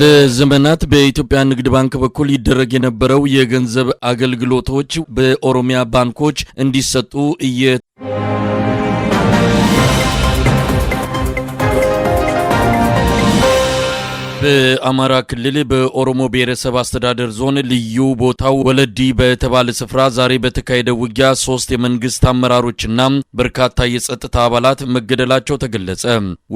ለዘመናት በኢትዮጵያ ንግድ ባንክ በኩል ይደረግ የነበረው የገንዘብ አገልግሎቶች በኦሮሚያ ባንኮች እንዲሰጡ እየ በአማራ ክልል በኦሮሞ ብሔረሰብ አስተዳደር ዞን ልዩ ቦታው ወለዲ በተባለ ስፍራ ዛሬ በተካሄደ ውጊያ ሶስት የመንግስት አመራሮችና በርካታ የጸጥታ አባላት መገደላቸው ተገለጸ።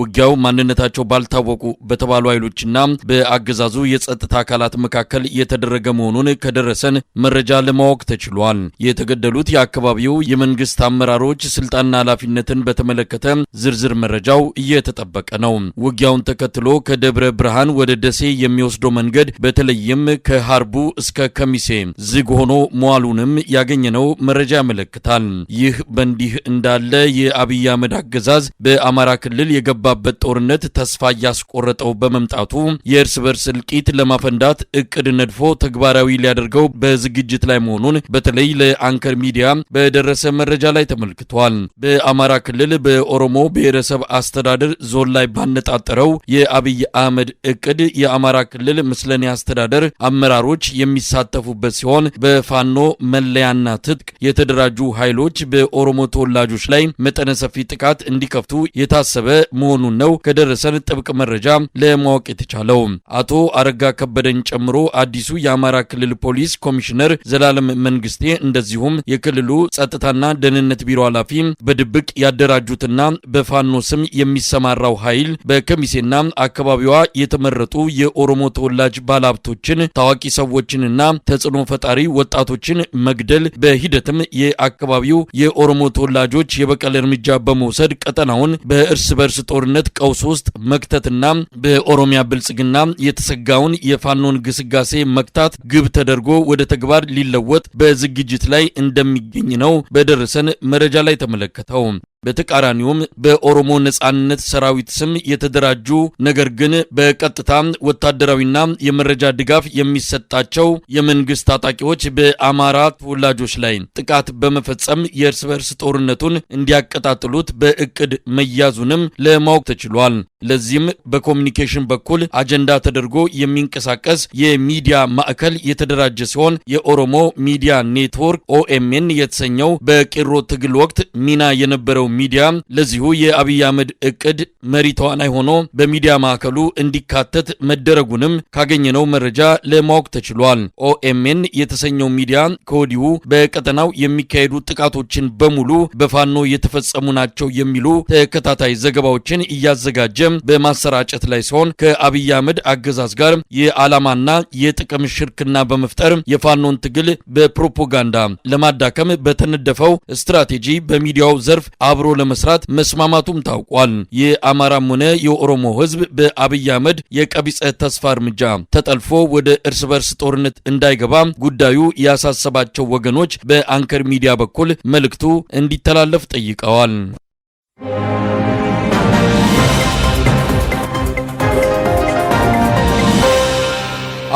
ውጊያው ማንነታቸው ባልታወቁ በተባሉ ኃይሎችና በአገዛዙ የጸጥታ አካላት መካከል የተደረገ መሆኑን ከደረሰን መረጃ ለማወቅ ተችሏል። የተገደሉት የአካባቢው የመንግስት አመራሮች ስልጣንና ኃላፊነትን በተመለከተ ዝርዝር መረጃው እየተጠበቀ ነው። ውጊያውን ተከትሎ ከደብረ ብርሃን ወደ ደሴ የሚወስደው መንገድ በተለይም ከሀርቡ እስከ ከሚሴ ዝግ ሆኖ መዋሉንም ያገኘነው መረጃ ያመለክታል። ይህ በእንዲህ እንዳለ የአብይ አህመድ አገዛዝ በአማራ ክልል የገባበት ጦርነት ተስፋ እያስቆረጠው በመምጣቱ የእርስ በርስ እልቂት ለማፈንዳት እቅድ ነድፎ ተግባራዊ ሊያደርገው በዝግጅት ላይ መሆኑን በተለይ ለአንከር ሚዲያ በደረሰ መረጃ ላይ ተመልክቷል። በአማራ ክልል በኦሮሞ ብሔረሰብ አስተዳደር ዞን ላይ ባነጣጠረው የአብይ አህመድ እቅድ እቅድ የአማራ ክልል ምስለኔ አስተዳደር አመራሮች የሚሳተፉበት ሲሆን በፋኖ መለያና ትጥቅ የተደራጁ ኃይሎች በኦሮሞ ተወላጆች ላይ መጠነ ሰፊ ጥቃት እንዲከፍቱ የታሰበ መሆኑን ነው ከደረሰን ጥብቅ መረጃ ለማወቅ የተቻለው። አቶ አረጋ ከበደን ጨምሮ አዲሱ የአማራ ክልል ፖሊስ ኮሚሽነር ዘላለም መንግስቴ እንደዚሁም የክልሉ ጸጥታና ደህንነት ቢሮ ኃላፊ በድብቅ ያደራጁትና በፋኖ ስም የሚሰማራው ኃይል በከሚሴና አካባቢዋ የተመረ የተመረጡ የኦሮሞ ተወላጅ ባለሀብቶችን፣ ታዋቂ ሰዎችንና ተጽዕኖ ፈጣሪ ወጣቶችን መግደል በሂደትም የአካባቢው የኦሮሞ ተወላጆች የበቀል እርምጃ በመውሰድ ቀጠናውን በእርስ በርስ ጦርነት ቀውስ ውስጥ መክተትና በኦሮሚያ ብልጽግና የተሰጋውን የፋኖን ግስጋሴ መክታት ግብ ተደርጎ ወደ ተግባር ሊለወጥ በዝግጅት ላይ እንደሚገኝ ነው በደረሰን መረጃ ላይ ተመለከተው። በተቃራኒውም በኦሮሞ ነጻነት ሰራዊት ስም የተደራጁ ነገር ግን በቀጥታ ወታደራዊና የመረጃ ድጋፍ የሚሰጣቸው የመንግስት ታጣቂዎች በአማራ ተወላጆች ላይ ጥቃት በመፈጸም የእርስ በርስ ጦርነቱን እንዲያቀጣጥሉት በእቅድ መያዙንም ለማወቅ ተችሏል። ለዚህም በኮሚኒኬሽን በኩል አጀንዳ ተደርጎ የሚንቀሳቀስ የሚዲያ ማዕከል የተደራጀ ሲሆን የኦሮሞ ሚዲያ ኔትወርክ ኦኤምኤን የተሰኘው በቄሮ ትግል ወቅት ሚና የነበረው ሚዲያ ለዚሁ የአብይ አህመድ እቅድ መሪ ተዋናይ ሆኖ በሚዲያ ማዕከሉ እንዲካተት መደረጉንም ካገኘነው መረጃ ለማወቅ ተችሏል። ኦኤምኤን የተሰኘው ሚዲያ ከወዲሁ በቀጠናው የሚካሄዱ ጥቃቶችን በሙሉ በፋኖ የተፈጸሙ ናቸው የሚሉ ተከታታይ ዘገባዎችን እያዘጋጀ መረጃም በማሰራጨት ላይ ሲሆን ከአብይ አህመድ አገዛዝ ጋር የዓላማና የጥቅም ሽርክና በመፍጠር የፋኖን ትግል በፕሮፓጋንዳ ለማዳከም በተነደፈው ስትራቴጂ በሚዲያው ዘርፍ አብሮ ለመስራት መስማማቱም ታውቋል። የአማራም ሆነ የኦሮሞ ሕዝብ በአብይ አህመድ የቀቢጸ ተስፋ እርምጃ ተጠልፎ ወደ እርስ በርስ ጦርነት እንዳይገባ ጉዳዩ ያሳሰባቸው ወገኖች በአንከር ሚዲያ በኩል መልእክቱ እንዲተላለፍ ጠይቀዋል።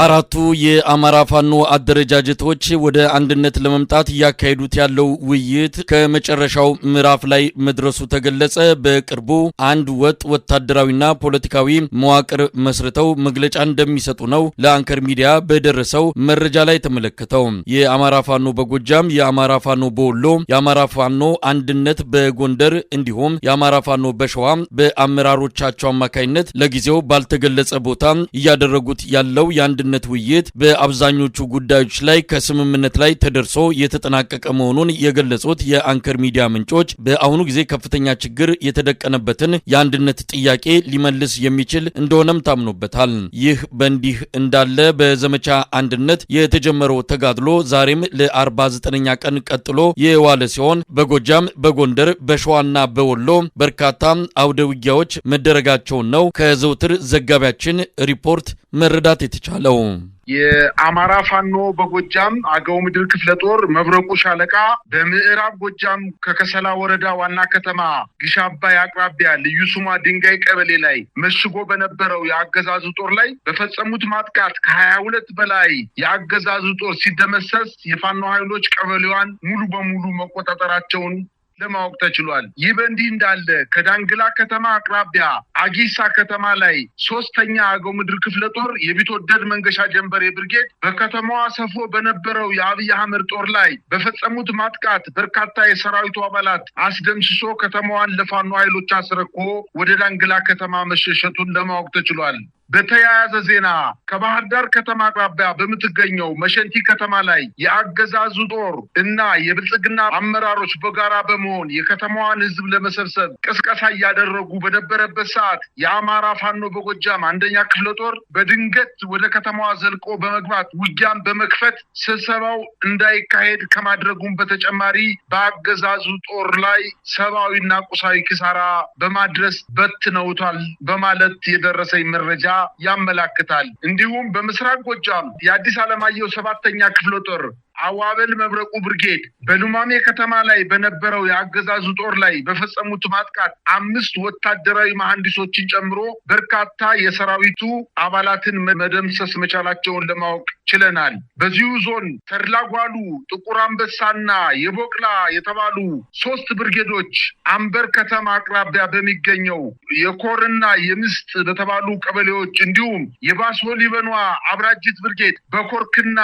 አራቱ የአማራ ፋኖ አደረጃጀቶች ወደ አንድነት ለመምጣት እያካሄዱት ያለው ውይይት ከመጨረሻው ምዕራፍ ላይ መድረሱ ተገለጸ። በቅርቡ አንድ ወጥ ወታደራዊና ፖለቲካዊ መዋቅር መስርተው መግለጫ እንደሚሰጡ ነው ለአንከር ሚዲያ በደረሰው መረጃ ላይ ተመለከተው። የአማራ ፋኖ በጎጃም፣ የአማራ ፋኖ በወሎ፣ የአማራ ፋኖ አንድነት በጎንደር እንዲሁም የአማራ ፋኖ በሸዋ በአመራሮቻቸው አማካኝነት ለጊዜው ባልተገለጸ ቦታ እያደረጉት ያለው የአንድነት የአንድነት ውይይት በአብዛኞቹ ጉዳዮች ላይ ከስምምነት ላይ ተደርሶ የተጠናቀቀ መሆኑን የገለጹት የአንከር ሚዲያ ምንጮች በአሁኑ ጊዜ ከፍተኛ ችግር የተደቀነበትን የአንድነት ጥያቄ ሊመልስ የሚችል እንደሆነም ታምኖበታል። ይህ በእንዲህ እንዳለ በዘመቻ አንድነት የተጀመረው ተጋድሎ ዛሬም ለ49ኛ ቀን ቀጥሎ የዋለ ሲሆን በጎጃም፣ በጎንደር፣ በሸዋና በወሎ በርካታ አውደ ውጊያዎች መደረጋቸውን ነው ከዘውትር ዘጋቢያችን ሪፖርት መረዳት የተቻለው። ነው። የአማራ ፋኖ በጎጃም አገው ምድር ክፍለ ጦር መብረቁ ሻለቃ በምዕራብ ጎጃም ከከሰላ ወረዳ ዋና ከተማ ግሽ አባይ አቅራቢያ ልዩ ስሟ ድንጋይ ቀበሌ ላይ መሽጎ በነበረው የአገዛዙ ጦር ላይ በፈጸሙት ማጥቃት ከሀያ ሁለት በላይ የአገዛዙ ጦር ሲደመሰስ የፋኖ ኃይሎች ቀበሌዋን ሙሉ በሙሉ መቆጣጠራቸውን ለማወቅ ተችሏል። ይህ በእንዲህ እንዳለ ከዳንግላ ከተማ አቅራቢያ አጊሳ ከተማ ላይ ሶስተኛ አገው ምድር ክፍለ ጦር የቢትወደድ መንገሻ ጀንበሬ ብርጌድ በከተማዋ ሰፎ በነበረው የአብይ አህመድ ጦር ላይ በፈጸሙት ማጥቃት በርካታ የሰራዊቱ አባላት አስደምስሶ ከተማዋን ለፋኖ ኃይሎች አስረክቦ ወደ ዳንግላ ከተማ መሸሸቱን ለማወቅ ተችሏል። በተያያዘ ዜና ከባህር ዳር ከተማ አቅራቢያ በምትገኘው መሸንቲ ከተማ ላይ የአገዛዙ ጦር እና የብልጽግና አመራሮች በጋራ በመሆን የከተማዋን ህዝብ ለመሰብሰብ ቅስቀሳ እያደረጉ በነበረበት ሰዓት የአማራ ፋኖ በጎጃም አንደኛ ክፍለ ጦር በድንገት ወደ ከተማዋ ዘልቆ በመግባት ውጊያን በመክፈት ስብሰባው እንዳይካሄድ ከማድረጉም በተጨማሪ በአገዛዙ ጦር ላይ ሰብአዊና ቁሳዊ ኪሳራ በማድረስ በትነውቷል በማለት የደረሰኝ መረጃ ያመላክታል። እንዲሁም በምስራቅ ጎጃም የአዲስ አለማየሁ ሰባተኛ ክፍለ ጦር አዋበል መብረቁ ብርጌድ በሉማሜ ከተማ ላይ በነበረው የአገዛዙ ጦር ላይ በፈጸሙት ማጥቃት አምስት ወታደራዊ መሐንዲሶችን ጨምሮ በርካታ የሰራዊቱ አባላትን መደምሰስ መቻላቸውን ለማወቅ ችለናል። በዚሁ ዞን ተድላጓሉ፣ ጥቁር አንበሳና የቦቅላ የተባሉ ሶስት ብርጌዶች አንበር ከተማ አቅራቢያ በሚገኘው የኮርና የምስት በተባሉ ቀበሌዎች እንዲሁም የባሶ ሊበኗ አብራጅት ብርጌድ በኮርክና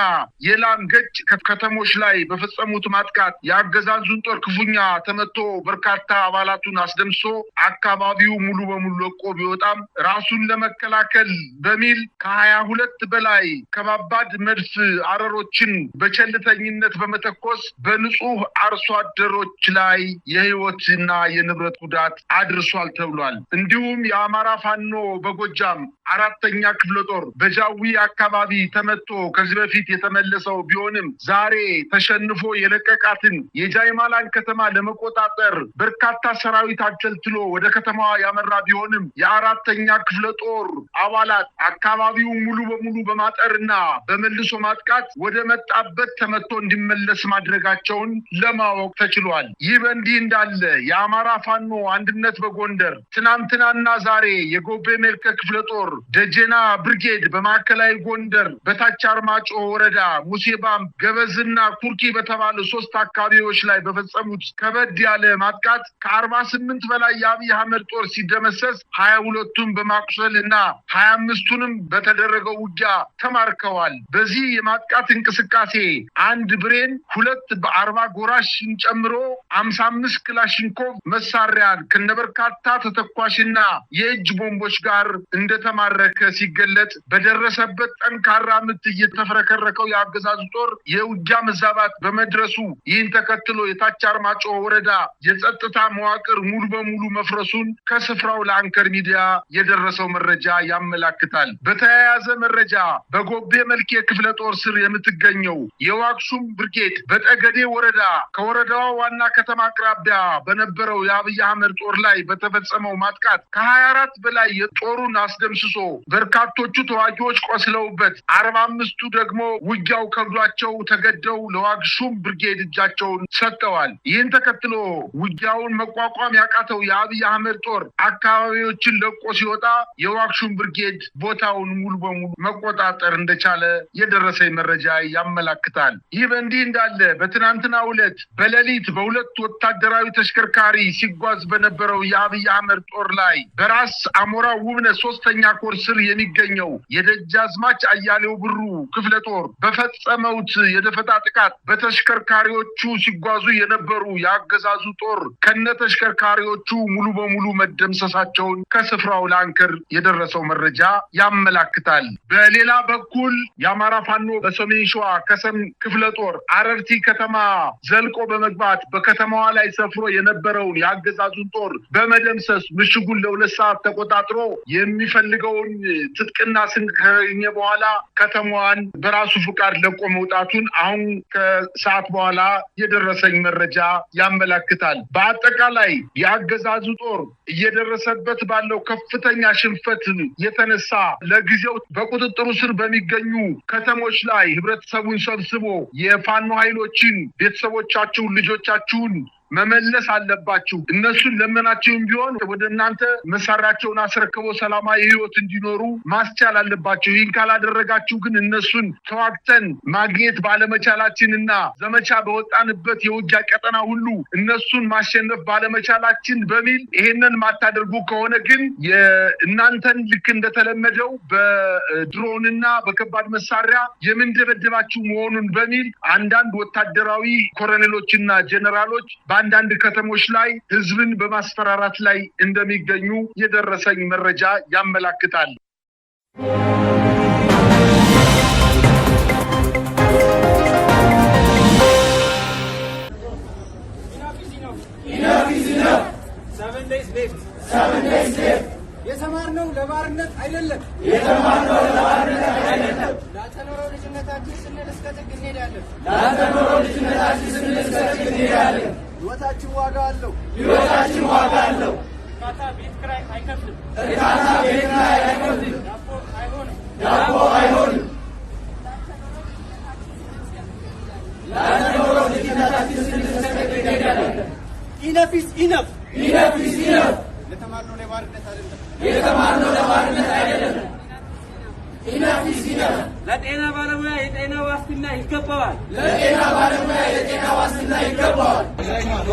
የላም ገጭ ከተሞች ላይ በፈጸሙት ማጥቃት የአገዛዙን ጦር ክፉኛ ተመቶ በርካታ አባላቱን አስደምሶ አካባቢው ሙሉ በሙሉ ለቆ ቢወጣም ራሱን ለመከላከል በሚል ከሀያ ሁለት በላይ ከባባድ መድፍ አረሮችን በቸልተኝነት በመተኮስ በንጹህ አርሶ አደሮች ላይ የህይወትና የንብረት ጉዳት አድርሷል ተብሏል። እንዲሁም የአማራ ፋኖ በጎጃም አራተኛ ክፍለ ጦር በጃዊ አካባቢ ተመቶ ከዚህ በፊት የተመለሰው ቢሆንም ዛሬ ተሸንፎ የለቀቃትን የጃይማላን ከተማ ለመቆጣጠር በርካታ ሰራዊት አጀልትሎ ወደ ከተማዋ ያመራ ቢሆንም የአራተኛ ክፍለ ጦር አባላት አካባቢውን ሙሉ በሙሉ በማጠርና በመልሶ ማጥቃት ወደ መጣበት ተመቶ እንዲመለስ ማድረጋቸውን ለማወቅ ተችሏል። ይህ በእንዲህ እንዳለ የአማራ ፋኖ አንድነት በጎንደር ትናንትናና ዛሬ የጎቤ መልከ ክፍለ ጦር ደጀና ብርጌድ በማዕከላዊ ጎንደር በታች አርማጮ ወረዳ ሙሴባም ገበ ና ኩርኪ በተባሉ ሶስት አካባቢዎች ላይ በፈጸሙት ከበድ ያለ ማጥቃት ከአርባ ስምንት በላይ የአብይ አህመድ ጦር ሲደመሰስ ሀያ ሁለቱን በማቁሰል እና ሀያ አምስቱንም በተደረገው ውጊያ ተማርከዋል። በዚህ የማጥቃት እንቅስቃሴ አንድ ብሬን ሁለት በአርባ ጎራሽን ጨምሮ አምሳ አምስት ክላሽንኮቭ መሳሪያን ከነበርካታ ተተኳሽና የእጅ ቦምቦች ጋር እንደተማረከ ሲገለጥ በደረሰበት ጠንካራ ምት እየተፈረከረከው የአገዛዙ ጦር የውጊያ መዛባት በመድረሱ ይህን ተከትሎ የታች አርማጮ ወረዳ የጸጥታ መዋቅር ሙሉ በሙሉ መፍረሱን ከስፍራው ለአንከር ሚዲያ የደረሰው መረጃ ያመላክታል። በተያያዘ መረጃ በጎቤ መልኬ ክፍለ ጦር ስር የምትገኘው የዋክሹም ብርጌድ በጠገዴ ወረዳ ከወረዳዋ ዋና ከተማ አቅራቢያ በነበረው የአብይ አህመድ ጦር ላይ በተፈጸመው ማጥቃት ከሀያ አራት በላይ የጦሩን አስደምስሶ በርካቶቹ ተዋጊዎች ቆስለውበት አርባ አምስቱ ደግሞ ውጊያው ከብዷቸው ተገደው ለዋግሹም ብርጌድ እጃቸውን ሰጥተዋል። ይህን ተከትሎ ውጊያውን መቋቋም ያቃተው የአብይ አህመድ ጦር አካባቢዎችን ለቆ ሲወጣ የዋግሹም ብርጌድ ቦታውን ሙሉ በሙሉ መቆጣጠር እንደቻለ የደረሰኝ መረጃ ያመላክታል። ይህ በእንዲህ እንዳለ በትናንትናው ዕለት በሌሊት በሁለት ወታደራዊ ተሽከርካሪ ሲጓዝ በነበረው የአብይ አህመድ ጦር ላይ በራስ አሞራ ውብነ ሶስተኛ ኮር ስር የሚገኘው የደጃዝማች አያሌው ብሩ ክፍለ ጦር በፈጸመውት የደፈጣ ጥቃት በተሽከርካሪዎቹ ሲጓዙ የነበሩ የአገዛዙ ጦር ከነ ተሽከርካሪዎቹ ሙሉ በሙሉ መደምሰሳቸውን ከስፍራው ለአንከር የደረሰው መረጃ ያመላክታል። በሌላ በኩል የአማራ ፋኖ በሰሜን ሸዋ ከሰም ክፍለ ጦር አረርቲ ከተማ ዘልቆ በመግባት በከተማዋ ላይ ሰፍሮ የነበረውን የአገዛዙን ጦር በመደምሰስ ምሽጉን ለሁለት ሰዓት ተቆጣጥሮ የሚፈልገውን ትጥቅና ስንቅ ከገኘ በኋላ ከተማዋን በራሱ ፍቃድ ለቆ መውጣቱን አሁን ከሰዓት በኋላ የደረሰኝ መረጃ ያመላክታል። በአጠቃላይ የአገዛዙ ጦር እየደረሰበት ባለው ከፍተኛ ሽንፈት የተነሳ ለጊዜው በቁጥጥሩ ስር በሚገኙ ከተሞች ላይ ህብረተሰቡን ሰብስቦ የፋኖ ኃይሎችን ቤተሰቦቻችሁን፣ ልጆቻችሁን መመለስ አለባችሁ። እነሱን ለመናቸውም ቢሆን ወደ እናንተ መሳሪያቸውን አስረክበው ሰላማዊ ህይወት እንዲኖሩ ማስቻል አለባቸው። ይህን ካላደረጋችሁ ግን እነሱን ተዋግተን ማግኘት ባለመቻላችን እና ዘመቻ በወጣንበት የውጊያ ቀጠና ሁሉ እነሱን ማሸነፍ ባለመቻላችን በሚል ይሄንን ማታደርጉ ከሆነ ግን የእናንተን ልክ እንደተለመደው በድሮንና በከባድ መሳሪያ የምንደበደባችሁ መሆኑን በሚል አንዳንድ ወታደራዊ ኮሎኔሎችና ጀኔራሎች በአንዳንድ ከተሞች ላይ ህዝብን በማስፈራራት ላይ እንደሚገኙ የደረሰኝ መረጃ ያመላክታል። የተማርነው ለባርነት አይደለም። የተማርነው ለባርነት አይደለም። ላተኖረው ልጅነታችን ስንል እስከ ጥግ እንሄዳለን። ላተኖረው ልጅነታችን ስንል እስከ ጥግ እንሄዳለን። ሕይወታችን ዋጋ አለው። ሕይወታችን ዋጋ አለው። እርካታ ቤት ኪራይ አይከፍልም። እርካታ ቤት ኪራይ አይከፍልም። ዳቦ አይሆንም። ዳቦ አይሆንም። ላንኖሮ ልጅነታችን ስንሰቀቅ ይገኛለን። ኢነፍ ኢዝ ኢነፍ። ኢነፍ ኢዝ ኢነፍ። የተማርነው ለባርነት አይደለም። የተማርነው ለባርነት አይደለም። ለጤና ባለሙያ የጤና ዋስትና ይገባዋል። ለጤና ባለሙያ የጤና ዋስትና ይገባዋል።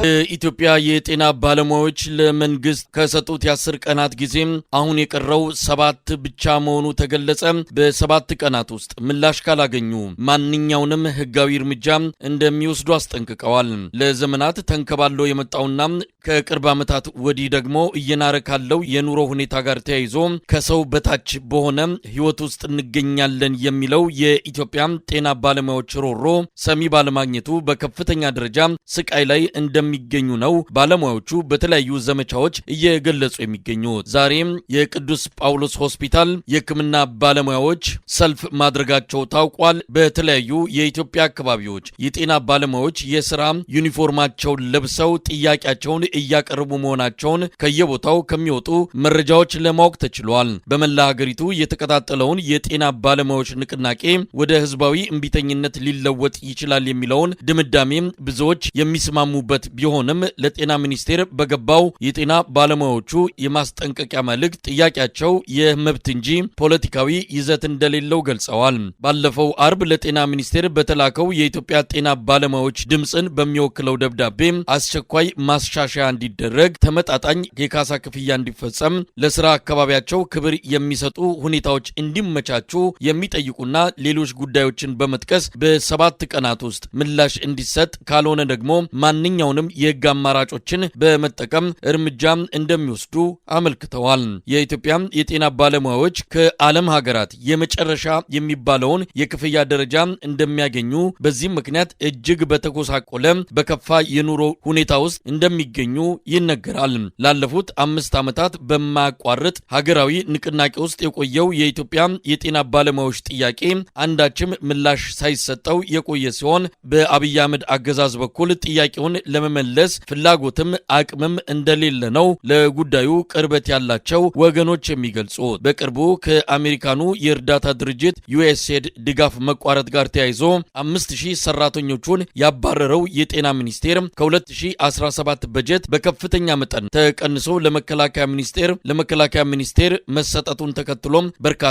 የኢትዮጵያ የጤና ባለሙያዎች ለመንግስት ከሰጡት የአስር ቀናት ጊዜም አሁን የቀረው ሰባት ብቻ መሆኑ ተገለጸ። በሰባት ቀናት ውስጥ ምላሽ ካላገኙ ማንኛውንም ህጋዊ እርምጃ እንደሚወስዱ አስጠንቅቀዋል። ለዘመናት ተንከባለው የመጣውና ከቅርብ ዓመታት ወዲህ ደግሞ እየናረ ካለው የኑሮ ሁኔታ ጋር ተያይዞ ከሰው በታች በሆነ ህይወት ውስጥ እንገኛለን የሚለው የኢትዮጵያ ጤና ባለሙያዎች ሮሮ ሰሚ ባለማግኘቱ በከፍተኛ ደረጃ ስቃይ ላይ እንደሚገኙ ነው ባለሙያዎቹ በተለያዩ ዘመቻዎች እየገለጹ የሚገኙት። ዛሬም የቅዱስ ጳውሎስ ሆስፒታል የሕክምና ባለሙያዎች ሰልፍ ማድረጋቸው ታውቋል። በተለያዩ የኢትዮጵያ አካባቢዎች የጤና ባለሙያዎች የስራ ዩኒፎርማቸውን ለብሰው ጥያቄያቸውን እያቀረቡ መሆናቸውን ከየቦታው ከሚወጡ መረጃዎች ለማወቅ ተችሏል። በመላ ሀገሪቱ የተቀጣጠለውን የጤና ባለሙያዎች ንቅናቄ ወደ ህዝባዊ እምቢተኝነት ሊለወጥ ይችላል የሚለውን ድምዳሜ ብዙዎች የሚስማሙበት ቢሆንም ለጤና ሚኒስቴር በገባው የጤና ባለሙያዎቹ የማስጠንቀቂያ መልእክት ጥያቄያቸው የመብት እንጂ ፖለቲካዊ ይዘት እንደሌለው ገልጸዋል። ባለፈው አርብ ለጤና ሚኒስቴር በተላከው የኢትዮጵያ ጤና ባለሙያዎች ድምፅን በሚወክለው ደብዳቤ አስቸኳይ ማስሻሻያ እንዲደረግ፣ ተመጣጣኝ የካሳ ክፍያ እንዲፈጸም፣ ለስራ አካባቢያቸው ክብር የሚሰጡ ሁኔታዎች እንዲመ እንዲያመቻቹ የሚጠይቁና ሌሎች ጉዳዮችን በመጥቀስ በሰባት ቀናት ውስጥ ምላሽ እንዲሰጥ ካልሆነ ደግሞ ማንኛውንም የህግ አማራጮችን በመጠቀም እርምጃ እንደሚወስዱ አመልክተዋል። የኢትዮጵያ የጤና ባለሙያዎች ከዓለም ሀገራት የመጨረሻ የሚባለውን የክፍያ ደረጃ እንደሚያገኙ በዚህም ምክንያት እጅግ በተጎሳቆለ በከፋ የኑሮ ሁኔታ ውስጥ እንደሚገኙ ይነገራል። ላለፉት አምስት ዓመታት በማያቋርጥ ሀገራዊ ንቅናቄ ውስጥ የቆየው የኢትዮጵያ የጤና ባለሙያዎች ጥያቄ አንዳችም ምላሽ ሳይሰጠው የቆየ ሲሆን በአብይ አህመድ አገዛዝ በኩል ጥያቄውን ለመመለስ ፍላጎትም አቅምም እንደሌለ ነው ለጉዳዩ ቅርበት ያላቸው ወገኖች የሚገልጹት። በቅርቡ ከአሜሪካኑ የእርዳታ ድርጅት ዩኤስኤድ ድጋፍ መቋረጥ ጋር ተያይዞ አምስት ሺህ ሰራተኞቹን ያባረረው የጤና ሚኒስቴር ከ2017 በጀት በከፍተኛ መጠን ተቀንሶ ለመከላከያ ሚኒስቴር ለመከላከያ ሚኒስቴር መሰጠቱን ተከትሎም በርካታ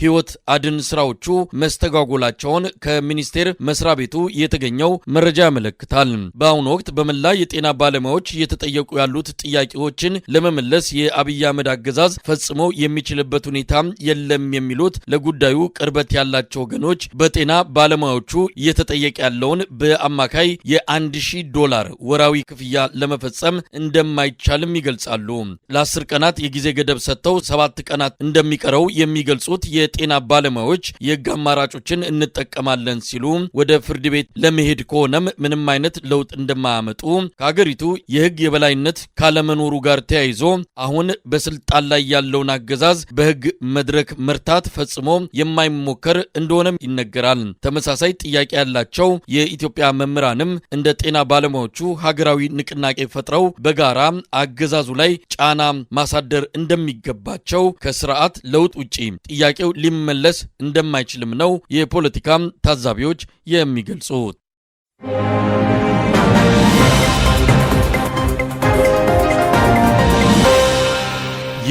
ሕይወት አድን ስራዎቹ መስተጓጎላቸውን ከሚኒስቴር መስሪያ ቤቱ የተገኘው መረጃ ያመለክታል። በአሁኑ ወቅት በመላ የጤና ባለሙያዎች እየተጠየቁ ያሉት ጥያቄዎችን ለመመለስ የአብይ አህመድ አገዛዝ ፈጽሞ የሚችልበት ሁኔታ የለም የሚሉት ለጉዳዩ ቅርበት ያላቸው ወገኖች በጤና ባለሙያዎቹ እየተጠየቀ ያለውን በአማካይ የአንድ ሺህ ዶላር ወራዊ ክፍያ ለመፈጸም እንደማይቻልም ይገልጻሉ። ለአስር ቀናት የጊዜ ገደብ ሰጥተው ሰባት ቀናት እንደሚቀረው የሚገልጹት የጤና ባለሙያዎች የህግ አማራጮችን እንጠቀማለን ሲሉ ወደ ፍርድ ቤት ለመሄድ ከሆነም ምንም አይነት ለውጥ እንደማያመጡ ከሀገሪቱ የህግ የበላይነት ካለመኖሩ ጋር ተያይዞ አሁን በስልጣን ላይ ያለውን አገዛዝ በህግ መድረክ መርታት ፈጽሞ የማይሞከር እንደሆነም ይነገራል። ተመሳሳይ ጥያቄ ያላቸው የኢትዮጵያ መምህራንም እንደ ጤና ባለሙያዎቹ ሀገራዊ ንቅናቄ ፈጥረው በጋራ አገዛዙ ላይ ጫና ማሳደር እንደሚገባቸው ከስርዓት ለውጥ ውጪ ጥያቄው ጥያቄው ሊመለስ እንደማይችልም ነው የፖለቲካም ታዛቢዎች የሚገልጹት።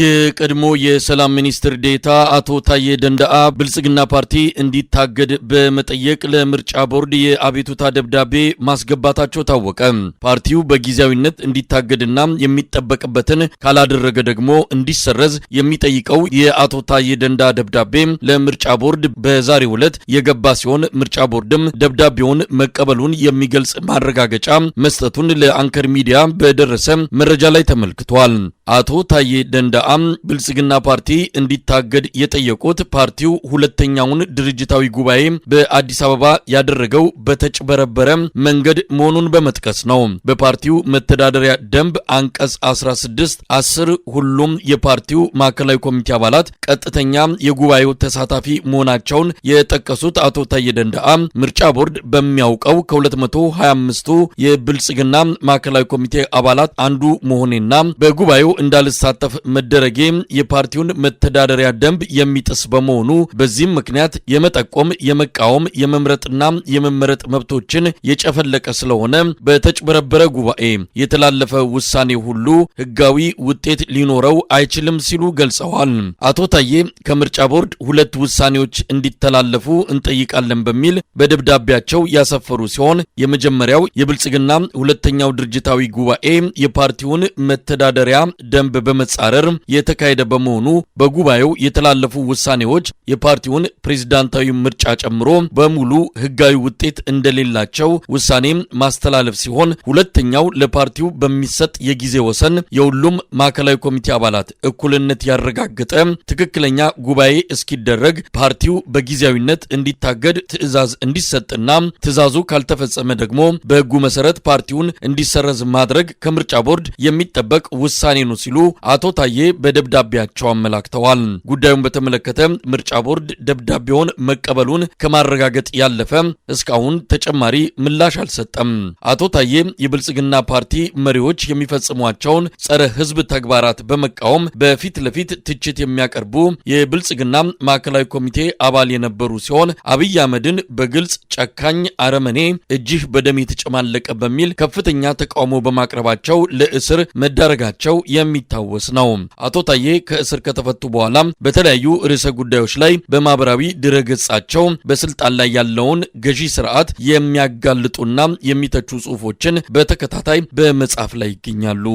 የቀድሞ የሰላም ሚኒስትር ዴታ አቶ ታዬ ደንዳአ ብልጽግና ፓርቲ እንዲታገድ በመጠየቅ ለምርጫ ቦርድ የአቤቱታ ደብዳቤ ማስገባታቸው ታወቀ። ፓርቲው በጊዜያዊነት እንዲታገድና የሚጠበቅበትን ካላደረገ ደግሞ እንዲሰረዝ የሚጠይቀው የአቶ ታዬ ደንዳ ደብዳቤ ለምርጫ ቦርድ በዛሬው ዕለት የገባ ሲሆን ምርጫ ቦርድም ደብዳቤውን መቀበሉን የሚገልጽ ማረጋገጫ መስጠቱን ለአንከር ሚዲያ በደረሰ መረጃ ላይ ተመልክቷል። አቶ ታዬ ደንዳአም ብልጽግና ፓርቲ እንዲታገድ የጠየቁት ፓርቲው ሁለተኛውን ድርጅታዊ ጉባኤ በአዲስ አበባ ያደረገው በተጭበረበረ መንገድ መሆኑን በመጥቀስ ነው። በፓርቲው መተዳደሪያ ደንብ አንቀጽ 16 10 ሁሉም የፓርቲው ማዕከላዊ ኮሚቴ አባላት ቀጥተኛ የጉባኤው ተሳታፊ መሆናቸውን የጠቀሱት አቶ ታዬ ደንዳአ ምርጫ ቦርድ በሚያውቀው ከ225ቱ የብልጽግና ማዕከላዊ ኮሚቴ አባላት አንዱ መሆኔና በጉባኤው እንዳልሳተፍ መደረጌ የፓርቲውን መተዳደሪያ ደንብ የሚጥስ በመሆኑ በዚህም ምክንያት የመጠቆም፣ የመቃወም፣ የመምረጥና የመመረጥ መብቶችን የጨፈለቀ ስለሆነ በተጭበረበረ ጉባኤ የተላለፈ ውሳኔ ሁሉ ህጋዊ ውጤት ሊኖረው አይችልም ሲሉ ገልጸዋል። አቶ ታዬ ከምርጫ ቦርድ ሁለት ውሳኔዎች እንዲተላለፉ እንጠይቃለን በሚል በደብዳቤያቸው ያሰፈሩ ሲሆን የመጀመሪያው የብልጽግና ሁለተኛው ድርጅታዊ ጉባኤ የፓርቲውን መተዳደሪያ ደንብ በመጻረር የተካሄደ በመሆኑ በጉባኤው የተላለፉ ውሳኔዎች የፓርቲውን ፕሬዝዳንታዊ ምርጫ ጨምሮ በሙሉ ህጋዊ ውጤት እንደሌላቸው ውሳኔ ማስተላለፍ ሲሆን ሁለተኛው ለፓርቲው በሚሰጥ የጊዜ ወሰን የሁሉም ማዕከላዊ ኮሚቴ አባላት እኩልነት ያረጋገጠ ትክክለኛ ጉባኤ እስኪደረግ ፓርቲው በጊዜያዊነት እንዲታገድ ትዕዛዝ እንዲሰጥና ትዕዛዙ ካልተፈጸመ ደግሞ በህጉ መሰረት ፓርቲውን እንዲሰረዝ ማድረግ ከምርጫ ቦርድ የሚጠበቅ ውሳኔ ነው ነው ሲሉ አቶ ታዬ በደብዳቤያቸው አመላክተዋል። ጉዳዩን በተመለከተ ምርጫ ቦርድ ደብዳቤውን መቀበሉን ከማረጋገጥ ያለፈ እስካሁን ተጨማሪ ምላሽ አልሰጠም። አቶ ታዬ የብልጽግና ፓርቲ መሪዎች የሚፈጽሟቸውን ጸረ ሕዝብ ተግባራት በመቃወም በፊት ለፊት ትችት የሚያቀርቡ የብልጽግና ማዕከላዊ ኮሚቴ አባል የነበሩ ሲሆን አብይ አህመድን በግልጽ ጨካኝ አረመኔ፣ እጅህ በደም የተጨማለቀ በሚል ከፍተኛ ተቃውሞ በማቅረባቸው ለእስር መዳረጋቸው የሚታወስ ነው። አቶ ታዬ ከእስር ከተፈቱ በኋላ በተለያዩ ርዕሰ ጉዳዮች ላይ በማህበራዊ ድረገጻቸው በስልጣን ላይ ያለውን ገዢ ስርዓት የሚያጋልጡና የሚተቹ ጽሁፎችን በተከታታይ በመጻፍ ላይ ይገኛሉ።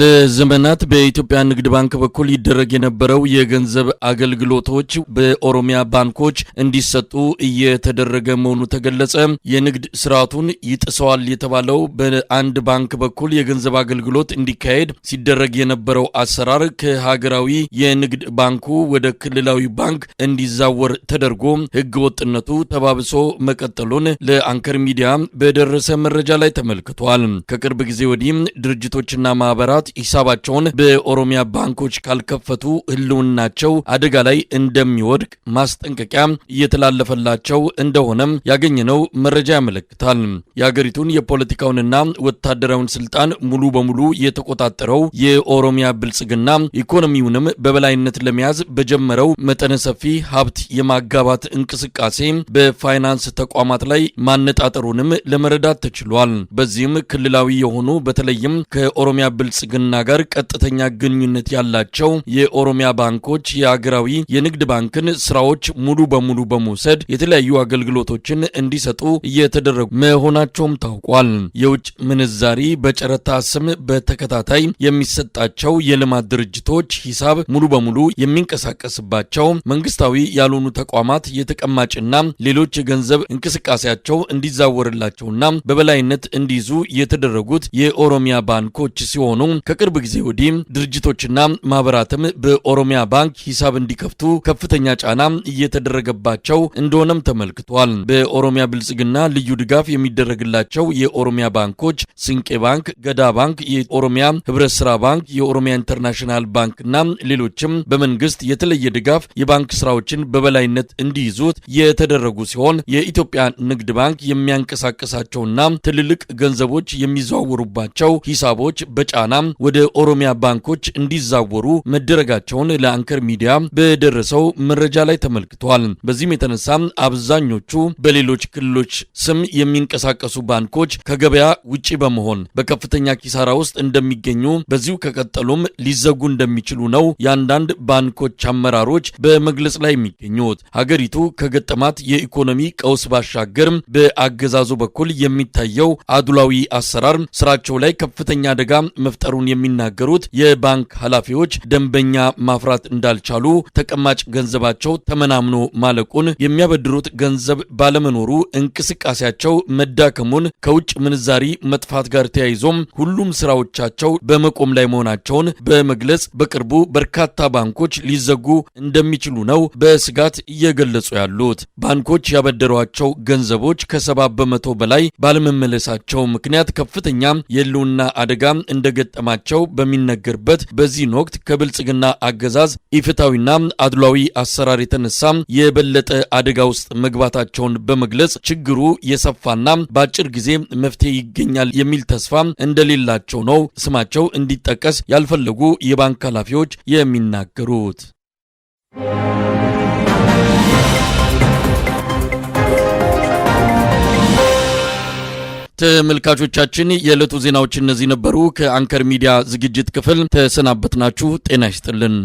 ለዘመናት በኢትዮጵያ ንግድ ባንክ በኩል ይደረግ የነበረው የገንዘብ አገልግሎቶች በኦሮሚያ ባንኮች እንዲሰጡ እየተደረገ መሆኑ ተገለጸ። የንግድ ስርዓቱን ይጥሰዋል የተባለው በአንድ ባንክ በኩል የገንዘብ አገልግሎት እንዲካሄድ ሲደረግ የነበረው አሰራር ከሀገራዊ የንግድ ባንኩ ወደ ክልላዊ ባንክ እንዲዛወር ተደርጎ ህገወጥነቱ ወጥነቱ ተባብሶ መቀጠሉን ለአንከር ሚዲያ በደረሰ መረጃ ላይ ተመልክቷል። ከቅርብ ጊዜ ወዲህም ድርጅቶችና ማህበራት ሂሳባቸውን በኦሮሚያ ባንኮች ካልከፈቱ ህልውናቸው አደጋ ላይ እንደሚወድቅ ማስጠንቀቂያ እየተላለፈላቸው እንደሆነም ያገኘነው መረጃ ያመለክታል። የአገሪቱን የፖለቲካውንና ወታደራዊን ስልጣን ሙሉ በሙሉ የተቆጣጠረው የኦሮሚያ ብልጽግና ኢኮኖሚውንም በበላይነት ለመያዝ በጀመረው መጠነ ሰፊ ሀብት የማጋባት እንቅስቃሴ በፋይናንስ ተቋማት ላይ ማነጣጠሩንም ለመረዳት ተችሏል። በዚህም ክልላዊ የሆኑ በተለይም ከኦሮሚያ ብልጽግና ብልጽግና ጋር ቀጥተኛ ግንኙነት ያላቸው የኦሮሚያ ባንኮች የአገራዊ የንግድ ባንክን ስራዎች ሙሉ በሙሉ በመውሰድ የተለያዩ አገልግሎቶችን እንዲሰጡ እየተደረጉ መሆናቸውም ታውቋል። የውጭ ምንዛሪ በጨረታ ስም በተከታታይ የሚሰጣቸው የልማት ድርጅቶች ሂሳብ ሙሉ በሙሉ የሚንቀሳቀስባቸው መንግስታዊ ያልሆኑ ተቋማት የተቀማጭና ሌሎች የገንዘብ እንቅስቃሴያቸው እንዲዛወርላቸውና በበላይነት እንዲይዙ የተደረጉት የኦሮሚያ ባንኮች ሲሆኑ ከቅርብ ጊዜ ወዲህ ድርጅቶችና ማህበራትም በኦሮሚያ ባንክ ሂሳብ እንዲከፍቱ ከፍተኛ ጫና እየተደረገባቸው እንደሆነም ተመልክቷል። በኦሮሚያ ብልጽግና ልዩ ድጋፍ የሚደረግላቸው የኦሮሚያ ባንኮች ስንቄ ባንክ፣ ገዳ ባንክ፣ የኦሮሚያ ህብረት ስራ ባንክ፣ የኦሮሚያ ኢንተርናሽናል ባንክና ሌሎችም በመንግስት የተለየ ድጋፍ የባንክ ስራዎችን በበላይነት እንዲይዙት የተደረጉ ሲሆን የኢትዮጵያ ንግድ ባንክ የሚያንቀሳቅሳቸውና ትልልቅ ገንዘቦች የሚዘዋወሩባቸው ሂሳቦች በጫና ወደ ኦሮሚያ ባንኮች እንዲዛወሩ መደረጋቸውን ለአንከር ሚዲያ በደረሰው መረጃ ላይ ተመልክቷል። በዚህም የተነሳ አብዛኞቹ በሌሎች ክልሎች ስም የሚንቀሳቀሱ ባንኮች ከገበያ ውጪ በመሆን በከፍተኛ ኪሳራ ውስጥ እንደሚገኙ በዚሁ ከቀጠሉም ሊዘጉ እንደሚችሉ ነው የአንዳንድ ባንኮች አመራሮች በመግለጽ ላይ የሚገኙት። ሀገሪቱ ከገጠማት የኢኮኖሚ ቀውስ ባሻገር በአገዛዙ በኩል የሚታየው አድሏዊ አሰራር ስራቸው ላይ ከፍተኛ አደጋ መፍጠሩ መጀመሩን የሚናገሩት የባንክ ኃላፊዎች ደንበኛ ማፍራት እንዳልቻሉ፣ ተቀማጭ ገንዘባቸው ተመናምኖ ማለቁን፣ የሚያበድሩት ገንዘብ ባለመኖሩ እንቅስቃሴያቸው መዳከሙን፣ ከውጭ ምንዛሪ መጥፋት ጋር ተያይዞም ሁሉም ስራዎቻቸው በመቆም ላይ መሆናቸውን በመግለጽ በቅርቡ በርካታ ባንኮች ሊዘጉ እንደሚችሉ ነው በስጋት እየገለጹ ያሉት። ባንኮች ያበደሯቸው ገንዘቦች ከሰባ በመቶ በላይ ባለመመለሳቸው ምክንያት ከፍተኛ የህልውና አደጋ እንደገጠማ መፈጸማቸው በሚነገርበት በዚህን ወቅት ከብልጽግና አገዛዝ ኢፍታዊና አድሏዊ አሰራር የተነሳ የበለጠ አደጋ ውስጥ መግባታቸውን በመግለጽ ችግሩ የሰፋና በአጭር ጊዜ መፍትሄ ይገኛል የሚል ተስፋ እንደሌላቸው ነው ስማቸው እንዲጠቀስ ያልፈለጉ የባንክ ኃላፊዎች የሚናገሩት። ተመልካቾቻችን የዕለቱ ዜናዎች እነዚህ ነበሩ። ከአንከር ሚዲያ ዝግጅት ክፍል ተሰናበትናችሁ። ጤና ይስጥልን።